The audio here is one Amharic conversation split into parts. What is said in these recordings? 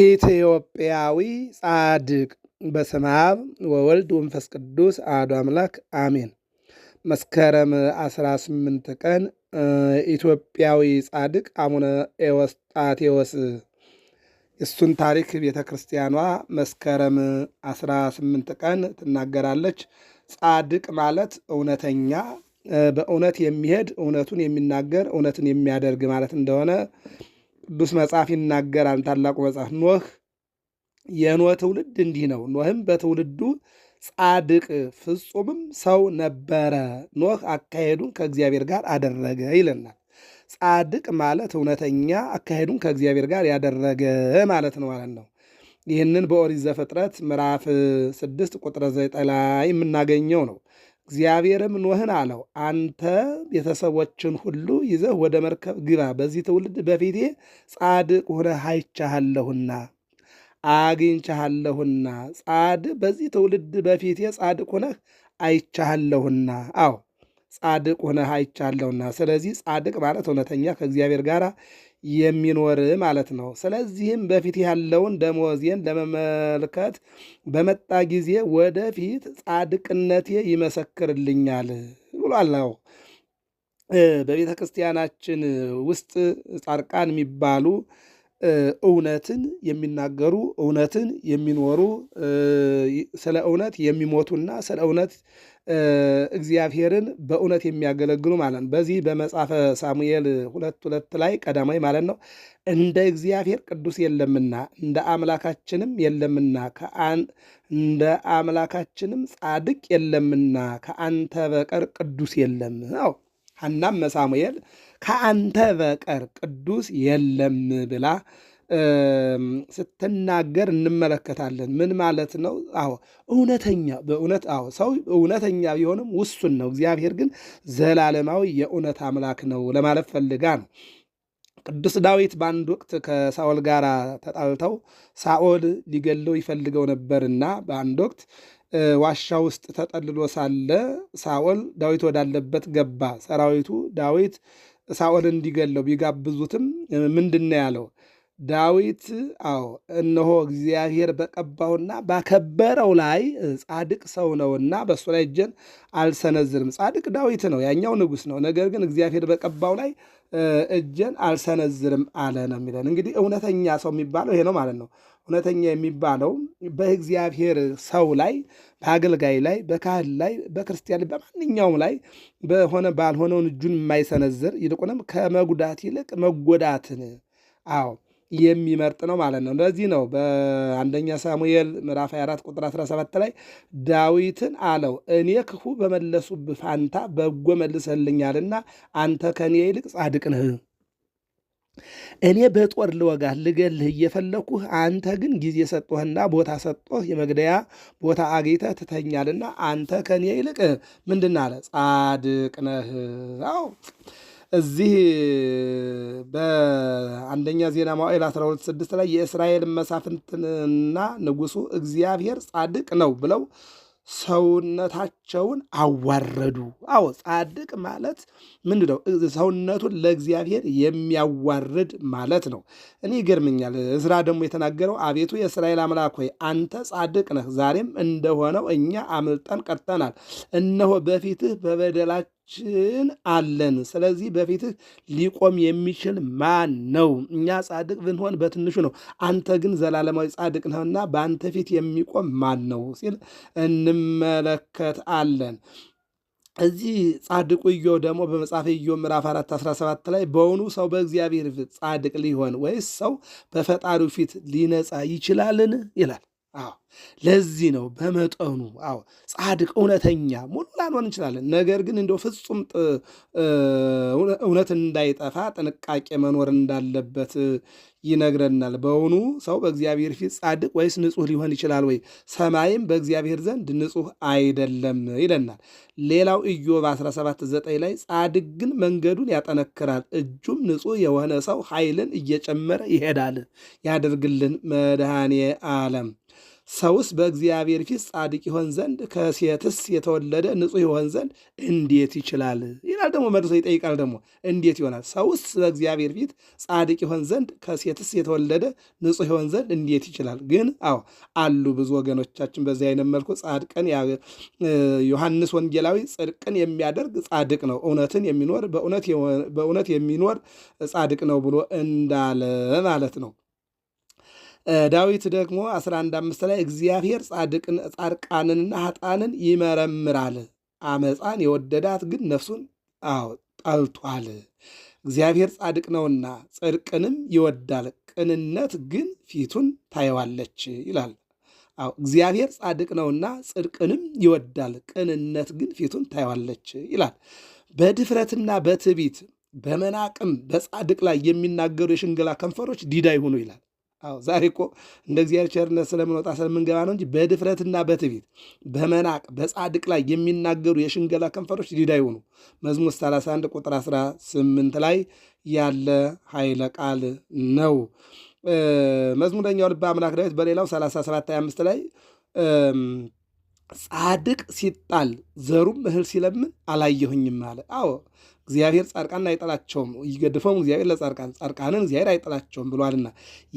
ኢትዮጵያዊ ጻድቅ በስመ አብ ወወልድ ወንፈስ ቅዱስ አሐዱ አምላክ አሜን። መስከረም 18 ቀን ኢትዮጵያዊ ጻድቅ አቡነ ኤዎስጣቴዎስ እሱን ታሪክ ቤተ ክርስቲያኗ መስከረም 18 ቀን ትናገራለች። ጻድቅ ማለት እውነተኛ፣ በእውነት የሚሄድ እውነቱን የሚናገር እውነትን የሚያደርግ ማለት እንደሆነ ቅዱስ መጽሐፍ ይናገራል። ታላቁ መጽሐፍ ኖህ የኖህ ትውልድ እንዲህ ነው። ኖህም በትውልዱ ጻድቅ ፍጹምም ሰው ነበረ። ኖህ አካሄዱን ከእግዚአብሔር ጋር አደረገ ይለናል። ጻድቅ ማለት እውነተኛ አካሄዱን ከእግዚአብሔር ጋር ያደረገ ማለት ነው ማለት ነው። ይህንን በኦሪት ዘፍጥረት ምዕራፍ ስድስት ቁጥር ዘጠኝ ላይ የምናገኘው ነው። እግዚአብሔርም ኖህን አለው፣ አንተ ቤተሰቦችን ሁሉ ይዘህ ወደ መርከብ ግባ፣ በዚህ ትውልድ በፊቴ ጻድቅ ሆነህ አይቻሃለሁና አግኝቻሃለሁና ጻድቅ በዚህ ትውልድ በፊቴ ጻድቅ ሆነህ አይቻሃለሁና። አዎ ጻድቅ ሆነህ አይቻለሁና። ስለዚህ ጻድቅ ማለት እውነተኛ ከእግዚአብሔር ጋር የሚኖር ማለት ነው። ስለዚህም በፊት ያለውን ደመወዜን ለመመልከት በመጣ ጊዜ ወደፊት ጻድቅነቴ ይመሰክርልኛል ብሏል። በቤተ ክርስቲያናችን ውስጥ ጻድቃን የሚባሉ እውነትን የሚናገሩ እውነትን የሚኖሩ ስለ እውነት የሚሞቱና ስለ እውነት እግዚአብሔርን በእውነት የሚያገለግሉ ማለት ነው። በዚህ በመጽሐፈ ሳሙኤል ሁለት ሁለት ላይ ቀዳማዊ ማለት ነው እንደ እግዚአብሔር ቅዱስ የለምና እንደ አምላካችንም የለምና እንደ አምላካችንም ጻድቅ የለምና ከአንተ በቀር ቅዱስ የለም። አዎ ሐናም ሳሙኤል ከአንተ በቀር ቅዱስ የለም ብላ ስትናገር እንመለከታለን። ምን ማለት ነው? አዎ እውነተኛ በእውነት አዎ ሰው እውነተኛ ቢሆንም ውሱን ነው። እግዚአብሔር ግን ዘላለማዊ የእውነት አምላክ ነው ለማለት ፈልጋ ነው። ቅዱስ ዳዊት በአንድ ወቅት ከሳኦል ጋር ተጣልተው ሳኦል ሊገለው ይፈልገው ነበርና በአንድ ወቅት ዋሻ ውስጥ ተጠልሎ ሳለ ሳኦል ዳዊት ወዳለበት ገባ። ሰራዊቱ ዳዊት ሳኦል እንዲገለው ቢጋብዙትም ምንድን ነው ያለው? ዳዊት አዎ እነሆ እግዚአብሔር በቀባውና ባከበረው ላይ ጻድቅ ሰው ነውና በእሱ ላይ እጄን አልሰነዝርም። ጻድቅ ዳዊት ነው፣ ያኛው ንጉሥ ነው። ነገር ግን እግዚአብሔር በቀባው ላይ እጄን አልሰነዝርም አለ ነው የሚለን። እንግዲህ እውነተኛ ሰው የሚባለው ይሄ ነው ማለት ነው። እውነተኛ የሚባለው በእግዚአብሔር ሰው ላይ በአገልጋይ ላይ በካህል ላይ በክርስቲያን በማንኛውም ላይ በሆነ ባልሆነውን እጁን የማይሰነዝር ይልቁንም ከመጉዳት ይልቅ መጎዳትን አዎ የሚመርጥ ነው ማለት ነው። ለዚህ ነው በአንደኛ ሳሙኤል ምዕራፍ 24 ቁጥር 17 ላይ ዳዊትን አለው እኔ ክፉ በመለሱብህ ፋንታ በጎ መልሰልኛልና አንተ ከእኔ ይልቅ ጻድቅ ነህ እኔ በጦር ልወጋህ ልገልህ እየፈለግኩህ፣ አንተ ግን ጊዜ ሰጥቶህና ቦታ ሰጥቶህ የመግደያ ቦታ አግኝተህ ትተኛልና አንተ ከኔ ይልቅ ምንድን አለ ጻድቅ ነህ። አዎ እዚህ በአንደኛ ዜና መዋዕል 12፥6 ላይ የእስራኤል መሳፍንትና ንጉሱ እግዚአብሔር ጻድቅ ነው ብለው ሰውነታቸውን አዋረዱ። አዎ ጻድቅ ማለት ምንድን ነው? ሰውነቱን ለእግዚአብሔር የሚያዋርድ ማለት ነው። እኔ ይገርምኛል። ስራ ደግሞ የተናገረው አቤቱ የእስራኤል አምላክ ሆይ አንተ ጻድቅ ነህ፣ ዛሬም እንደሆነው እኛ አምልጠን ቀርተናል። እነሆ በፊትህ በበደላቸው ችን አለን። ስለዚህ በፊትህ ሊቆም የሚችል ማን ነው? እኛ ጻድቅ ብንሆን በትንሹ ነው፣ አንተ ግን ዘላለማዊ ጻድቅ ነህና በአንተ ፊት የሚቆም ማን ነው ሲል እንመለከታለን። እዚህ ጻድቁ ኢዮብ ደግሞ በመጽሐፈ ኢዮብ ምዕራፍ 4 17 ላይ በውኑ ሰው በእግዚአብሔር ፊት ጻድቅ ሊሆን ወይስ ሰው በፈጣሪው ፊት ሊነጻ ይችላልን? ይላል። አዎ ለዚህ ነው በመጠኑ አዎ ጻድቅ እውነተኛ ሙሉ ላንሆን እንችላለን። ነገር ግን እንደው ፍጹም እውነት እንዳይጠፋ ጥንቃቄ መኖር እንዳለበት ይነግረናል። በውኑ ሰው በእግዚአብሔር ፊት ጻድቅ ወይስ ንጹሕ ሊሆን ይችላል ወይ? ሰማይም በእግዚአብሔር ዘንድ ንጹሕ አይደለም ይለናል። ሌላው ኢዮብ 17፥9 ላይ ጻድቅ ግን መንገዱን ያጠነክራል፣ እጁም ንጹሕ የሆነ ሰው ኃይልን እየጨመረ ይሄዳል። ያደርግልን መድኃኔ ዓለም ሰውስ በእግዚአብሔር ፊት ጻድቅ ይሆን ዘንድ ከሴትስ የተወለደ ንጹሕ ይሆን ዘንድ እንዴት ይችላል? ይላል ደግሞ መልሶ ይጠይቃል ደግሞ እንዴት ይሆናል? ሰውስ በእግዚአብሔር ፊት ጻድቅ ይሆን ዘንድ ከሴትስ የተወለደ ንጹሕ ይሆን ዘንድ እንዴት ይችላል? ግን አዎ አሉ ብዙ ወገኖቻችን በዚህ አይነት መልኩ ጻድቀን። ዮሐንስ ወንጌላዊ ጽድቅን የሚያደርግ ጻድቅ ነው፣ እውነትን የሚኖር በእውነት የሚኖር ጻድቅ ነው ብሎ እንዳለ ማለት ነው። ዳዊት ደግሞ 11 አምስት ላይ እግዚአብሔር ጻድቅን ጻድቃንንና ኃጣንን ይመረምራል፣ አመፃን የወደዳት ግን ነፍሱን አዎ ጠልቷል። እግዚአብሔር ጻድቅ ነውና ጽድቅንም ይወዳል፣ ቅንነት ግን ፊቱን ታየዋለች ይላል። አዎ እግዚአብሔር ጻድቅ ነውና ጽድቅንም ይወዳል፣ ቅንነት ግን ፊቱን ታየዋለች ይላል። በድፍረትና በትቢት በመናቅም በጻድቅ ላይ የሚናገሩ የሽንገላ ከንፈሮች ዲዳ ይሁኑ ይላል። አዎ ዛሬ እኮ እንደ እግዚአብሔር ቸርነት ስለምንወጣ ስለምንገባ ነው እንጂ በድፍረትና በትዕቢት በመናቅ በጻድቅ ላይ የሚናገሩ የሽንገላ ከንፈሮች ዲዳ ይሆኑ። መዝሙር 31 ቁጥር 18 ላይ ያለ ኃይለ ቃል ነው። መዝሙረኛው ልበ አምላክ ዳዊት በሌላው 37 ላይ ጻድቅ ሲጣል ዘሩም እህል ሲለምን አላየሁኝም አለ። አዎ እግዚአብሔር ጻድቃን አይጠላቸውም፣ ይገድፈውም እግዚአብሔር ለጻድቃን ጻድቃንን እግዚአብሔር አይጠላቸውም ብሏልና።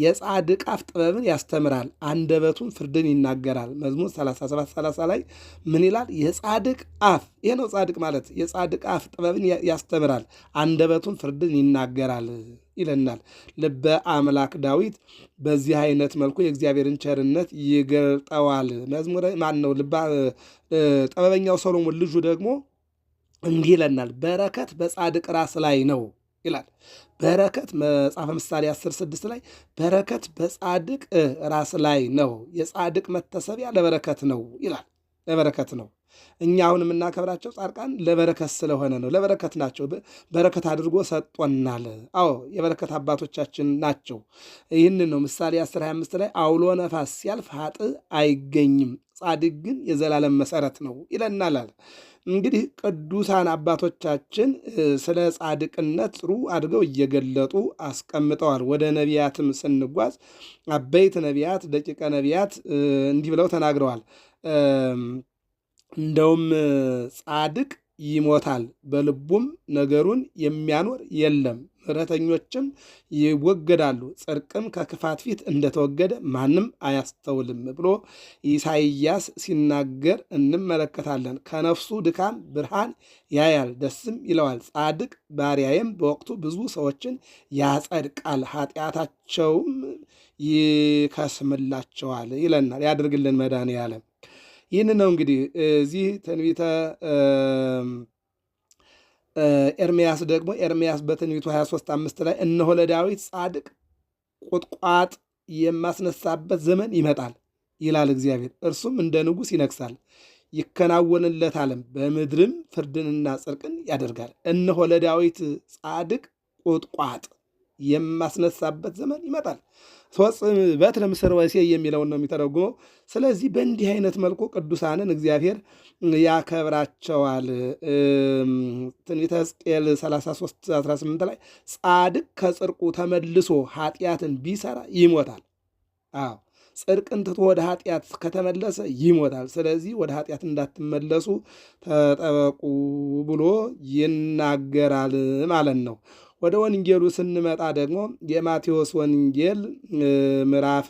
የጻድቅ አፍ ጥበብን ያስተምራል፣ አንደበቱም ፍርድን ይናገራል። መዝሙር 3730 ላይ ምን ይላል? የጻድቅ አፍ ይሄ ነው ጻድቅ ማለት። የጻድቅ አፍ ጥበብን ያስተምራል፣ አንደበቱም ፍርድን ይናገራል ይለናል። ልበ አምላክ ዳዊት በዚህ አይነት መልኩ የእግዚአብሔርን ቸርነት ይገልጠዋል። መዝሙረ ማን ነው? ልባ ጥበበኛው ሰሎሞን ልጁ ደግሞ እንዲህ ይለናል፣ በረከት በጻድቅ ራስ ላይ ነው ይላል። በረከት መጽሐፈ ምሳሌ 10 6 ላይ በረከት በጻድቅ ራስ ላይ ነው፣ የጻድቅ መታሰቢያ ለበረከት ነው ይላል። ለበረከት ነው እኛ አሁን የምናከብራቸው ጻድቃን ለበረከት ስለሆነ ነው። ለበረከት ናቸው። በረከት አድርጎ ሰጦናል። አዎ የበረከት አባቶቻችን ናቸው። ይህን ነው ምሳሌ 10 25 ላይ አውሎ ነፋስ ሲያልፍ ሀጥ አይገኝም፣ ጻድቅ ግን የዘላለም መሰረት ነው ይለናላል። እንግዲህ ቅዱሳን አባቶቻችን ስለ ጻድቅነት ጥሩ አድርገው እየገለጡ አስቀምጠዋል። ወደ ነቢያትም ስንጓዝ አበይት ነቢያት፣ ደቂቀ ነቢያት እንዲህ ብለው ተናግረዋል። እንደውም ጻድቅ ይሞታል፣ በልቡም ነገሩን የሚያኖር የለም። ምሕረተኞችም ይወገዳሉ፣ ጽድቅም ከክፋት ፊት እንደተወገደ ማንም አያስተውልም ብሎ ኢሳይያስ ሲናገር እንመለከታለን። ከነፍሱ ድካም ብርሃን ያያል፣ ደስም ይለዋል። ጻድቅ ባሪያዬም በወቅቱ ብዙ ሰዎችን ያጸድቃል፣ ኃጢአታቸውም ይከስምላቸዋል ይለናል። ያድርግልን መድኃኔ ይህን ነው እንግዲህ እዚህ ትንቢተ ኤርምያስ ደግሞ ኤርምያስ በትንቢቱ 23 አምስት ላይ እነሆ ለዳዊት ጻድቅ ቁጥቋጥ የማስነሳበት ዘመን ይመጣል ይላል እግዚአብሔር፣ እርሱም እንደ ንጉሥ ይነግሳል ይከናወንለታልም፣ በምድርም ፍርድንና ጽድቅን ያደርጋል። እነሆ ለዳዊት ጻድቅ ቁጥቋጥ የማስነሳበት ዘመን ይመጣል። ሶጽም በትረ ምስር ወሴ የሚለውን ነው የሚተረጉመው። ስለዚህ በእንዲህ አይነት መልኩ ቅዱሳንን እግዚአብሔር ያከብራቸዋል። ትንቢተ ሕዝቅኤል 33 18 ላይ ጻድቅ ከጽርቁ ተመልሶ ኃጢአትን ቢሰራ ይሞታል። አዎ ጽድቅን ትቶ ወደ ኃጢአት ከተመለሰ ይሞታል። ስለዚህ ወደ ኃጢአት እንዳትመለሱ ተጠበቁ ብሎ ይናገራል ማለት ነው። ወደ ወንጌሉ ስንመጣ ደግሞ የማቴዎስ ወንጌል ምዕራፍ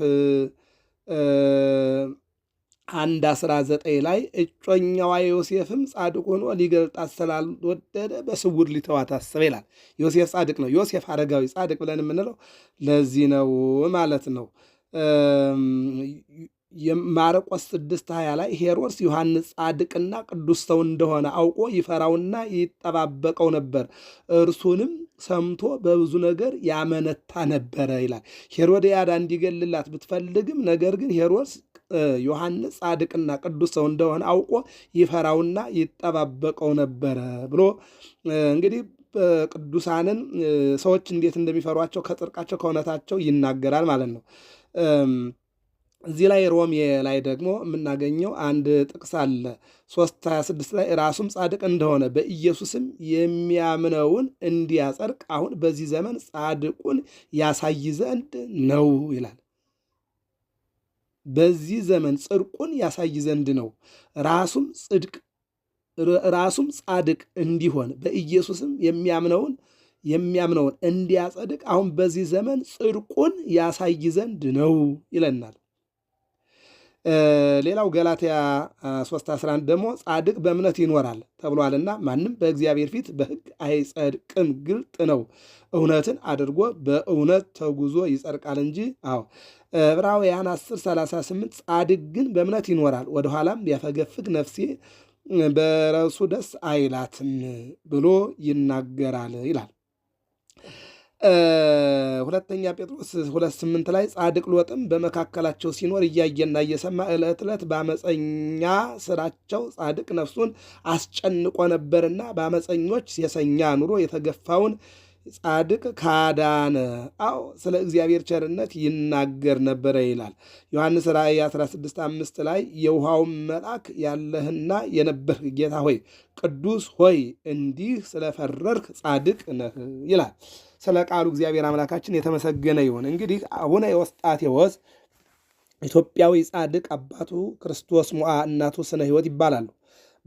አንድ አስራ ዘጠኝ ላይ እጮኛዋ ዮሴፍም ጻድቅ ሆኖ ሊገልጣት ስላልወደደ በስውር ሊተዋት አሰበ ይላል። ዮሴፍ ጻድቅ ነው። ዮሴፍ አረጋዊ ጻድቅ ብለን የምንለው ለዚህ ነው ማለት ነው። የማርቆስ ስድስት ሀያ ላይ ሄሮድስ ዮሐንስ ጻድቅና ቅዱስ ሰው እንደሆነ አውቆ ይፈራውና ይጠባበቀው ነበር፣ እርሱንም ሰምቶ በብዙ ነገር ያመነታ ነበረ ይላል። ሄሮድያዳ እንዲገልላት ብትፈልግም ነገር ግን ሄሮድስ ዮሐንስ ጻድቅና ቅዱስ ሰው እንደሆነ አውቆ ይፈራውና ይጠባበቀው ነበረ ብሎ እንግዲህ ቅዱሳንን ሰዎች እንዴት እንደሚፈሯቸው ከጥርቃቸው ከእውነታቸው ይናገራል ማለት ነው። እዚህ ላይ ሮሜ ላይ ደግሞ የምናገኘው አንድ ጥቅስ አለ 326 ላይ ራሱም ጻድቅ እንደሆነ በኢየሱስም የሚያምነውን እንዲያጸድቅ አሁን በዚህ ዘመን ጻድቁን ያሳይ ዘንድ ነው ይላል። በዚህ ዘመን ጽድቁን ያሳይ ዘንድ ነው። ራሱም ጽድቅ ራሱም ጻድቅ እንዲሆን በኢየሱስም የሚያምነውን የሚያምነውን እንዲያጸድቅ አሁን በዚህ ዘመን ጽድቁን ያሳይ ዘንድ ነው ይለናል። ሌላው ገላትያ 3 11 ደግሞ ጻድቅ በእምነት ይኖራል ተብሏልና ማንም በእግዚአብሔር ፊት በሕግ አይጸድቅም፣ ግልጥ ነው። እውነትን አድርጎ በእውነት ተጉዞ ይጸድቃል እንጂ። አዎ ዕብራውያን 10 38 ጻድቅ ግን በእምነት ይኖራል፣ ወደኋላም ቢያፈገፍግ ነፍሴ በረሱ ደስ አይላትም ብሎ ይናገራል ይላል። ሁለተኛ ጴጥሮስ ሁለት ስምንት ላይ ጻድቅ ሎጥም በመካከላቸው ሲኖር እያየና እየሰማ ዕለት ዕለት በአመፀኛ ስራቸው ጻድቅ ነፍሱን አስጨንቆ ነበርና በአመፀኞች የሰኛ ኑሮ የተገፋውን ጻድቅ ካዳነ። አዎ ስለ እግዚአብሔር ቸርነት ይናገር ነበረ ይላል ዮሐንስ ራእይ 16 አምስት ላይ የውሃውን መልአክ ያለህና የነበርህ ጌታ ሆይ ቅዱስ ሆይ እንዲህ ስለፈረርክ ጻድቅ ነህ ይላል። ስለ ቃሉ እግዚአብሔር አምላካችን የተመሰገነ ይሁን። እንግዲህ አቡነ የወስጣቴዎስ ኢትዮጵያዊ ጻድቅ፣ አባቱ ክርስቶስ ሙአ፣ እናቱ ስነ ህይወት ይባላሉ።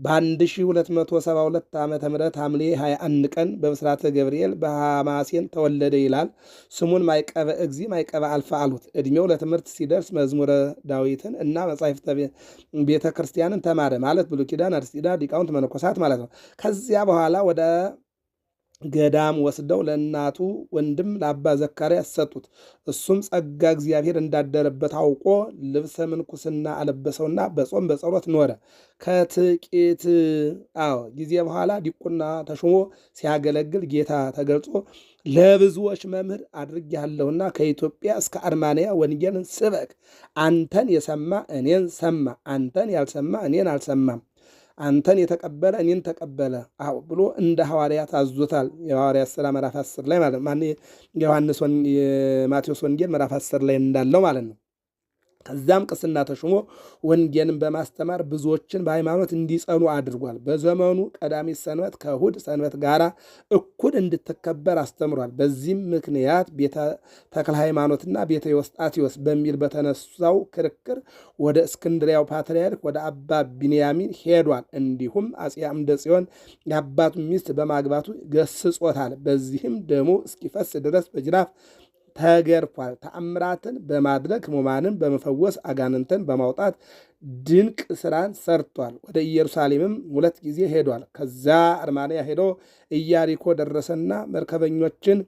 በ1272 ዓ ም ሐምሌ 21 ቀን በብስራተ ገብርኤል በሐማሴን ተወለደ ይላል። ስሙን ማይቀበ እግዚ ማይቀበ አልፋ አሉት። ዕድሜው ለትምህርት ሲደርስ መዝሙረ ዳዊትን እና መጻሕፍተ ቤተ ክርስቲያንን ተማረ። ማለት ብሉይ ኪዳን፣ አዲስ ኪዳን ሊቃውንት መነኮሳት ማለት ነው። ከዚያ በኋላ ወደ ገዳም ወስደው ለእናቱ ወንድም ለአባ ዘካርያስ ሰጡት። እሱም ጸጋ እግዚአብሔር እንዳደረበት አውቆ ልብሰ ምንኩስና አለበሰውና በጾም በጸሎት ኖረ። ከጥቂት አዎ ጊዜ በኋላ ዲቁና ተሾሞ ሲያገለግል ጌታ ተገልጾ ለብዙዎች መምህር አድርጌሃለሁና ከኢትዮጵያ እስከ አርማንያ ወንጌልን ስበክ። አንተን የሰማ እኔን ሰማ፣ አንተን ያልሰማ እኔን አልሰማም አንተን የተቀበለ እኔን ተቀበለ ብሎ እንደ ሐዋርያት አዞታል። የሐዋርያት ሥራ ምዕራፍ አስር ላይ ማለት ነው። ማን የዮሐንስ ማቴዎስ ወንጌል ምዕራፍ አስር ላይ እንዳለው ማለት ነው። ከዛም ቅስና ተሾሞ ወንጌልን በማስተማር ብዙዎችን በሃይማኖት እንዲጸኑ አድርጓል። በዘመኑ ቀዳሚ ሰንበት ከእሁድ ሰንበት ጋር እኩል እንድትከበር አስተምሯል። በዚህም ምክንያት ቤተ ተክለ ሃይማኖትና ቤተ ዮስጣቴዎስ በሚል በተነሳው ክርክር ወደ እስክንድሪያው ፓትርያርክ ወደ አባ ቢንያሚን ሄዷል። እንዲሁም አጼ አምደ ጽዮን የአባቱ ሚስት በማግባቱ ገስጾታል። በዚህም ደሙ እስኪፈስ ድረስ በጅራፍ ተገርፏል። ተአምራትን በማድረግ ሕሙማንን በመፈወስ አጋንንትን በማውጣት ድንቅ ስራን ሰርቷል። ወደ ኢየሩሳሌምም ሁለት ጊዜ ሄዷል። ከዛ አርማንያ ሄዶ ኢያሪኮ ደረሰና መርከበኞችን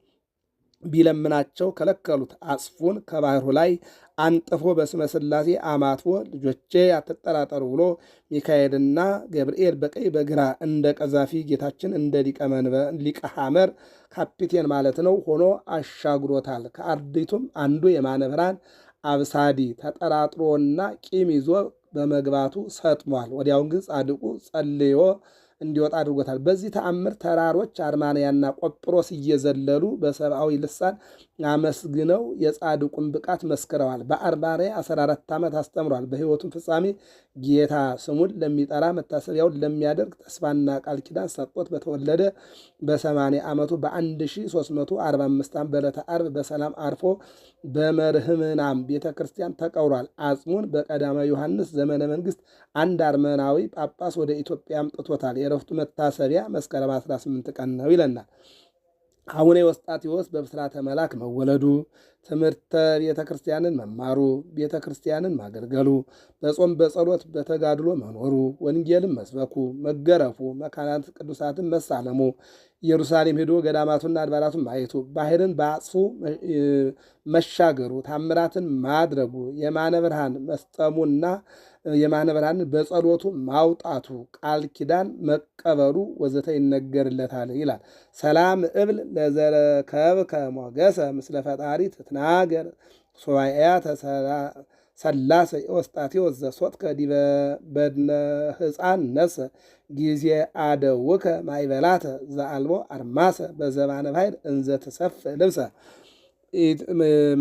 ቢለምናቸው ከለከሉት። አጽፉን ከባህሩ ላይ አንጥፎ በስመ አማትፎ አማትቦ ልጆቼ አትጠራጠሩ ብሎ ሚካኤልና ገብርኤል በቀኝ በግራ እንደ ቀዛፊ ጌታችን እንደ ሊቀ ሐመር ካፒቴን ማለት ነው ሆኖ አሻግሮታል። ከአርዲቱም አንዱ የማነ ብርሃን አብሳዲ ተጠራጥሮና ቂም ይዞ በመግባቱ ሰጥሟል። ወዲያውን ግን ጻድቁ ጸልዮ እንዲወጣ አድርጎታል። በዚህ ተአምር ተራሮች አርማንያና ቆጵሮስ እየዘለሉ በሰብአዊ ልሳን አመስግነው የጻድቁን ብቃት መስክረዋል። በአርባሬ 14 ዓመት አስተምሯል። በሕይወቱም ፍጻሜ ጌታ ስሙን ለሚጠራ መታሰቢያውን ለሚያደርግ ተስፋና ቃል ኪዳን ሰጥቶት በተወለደ በ80 ዓመቱ በ1345 ዓም በዕለተ ዓርብ በሰላም አርፎ በመርህምናም ቤተ ክርስቲያን ተቀብሯል። አጽሙን በቀዳማዊ ዮሐንስ ዘመነ መንግስት አንድ አርመናዊ ጳጳስ ወደ ኢትዮጵያ አምጥቶታል። የእረፍቱ መታሰቢያ መስከረም 18 ቀን ነው ይለናል። አቡነ የወስጣቴዎስ በብስራተ መላክ መወለዱ፣ ትምህርተ ቤተ ክርስቲያንን መማሩ፣ ቤተ ክርስቲያንን ማገልገሉ፣ በጾም በጸሎት በተጋድሎ መኖሩ፣ ወንጌልን መስበኩ፣ መገረፉ፣ መካናት ቅዱሳትን መሳለሙ፣ ኢየሩሳሌም ሄዶ ገዳማቱና አድባራቱን ማየቱ፣ ባህርን በአጽፉ መሻገሩ፣ ታምራትን ማድረጉ፣ የማነ ብርሃን መስጠሙና የማነበራን በጸሎቱ ማውጣቱ ቃል ኪዳን መቀበሉ ወዘተ ይነገርለታል ይላል። ሰላም እብል ለዘረከብከ ሞገሰ ምስለ ፈጣሪ ትትናገር ተሰላሰ ሰላሰ ወዘ ዘሶትከ ዲበ በድነ ህፃን ነሰ ጊዜ አደውከ ማይበላተ ዘአልቦ አርማሰ በዘባነ ባሕር እንዘ ትሰፍእ ልብሰ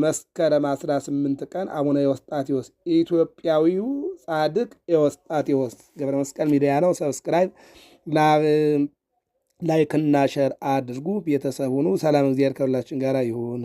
መስከረም 18 ቀን አቡነ ኤዎስጣቴዎስ ኢትዮጵያዊው ጻድቅ ኤዎስጣቴዎስ ገብረ መስቀል ሚዲያ ነው። ሰብስክራይብ ላይክና ሸር አድርጉ። ቤተሰብ ሁኑ። ሰላም፣ እግዚአብሔር ከሁላችን ጋር ይሁን።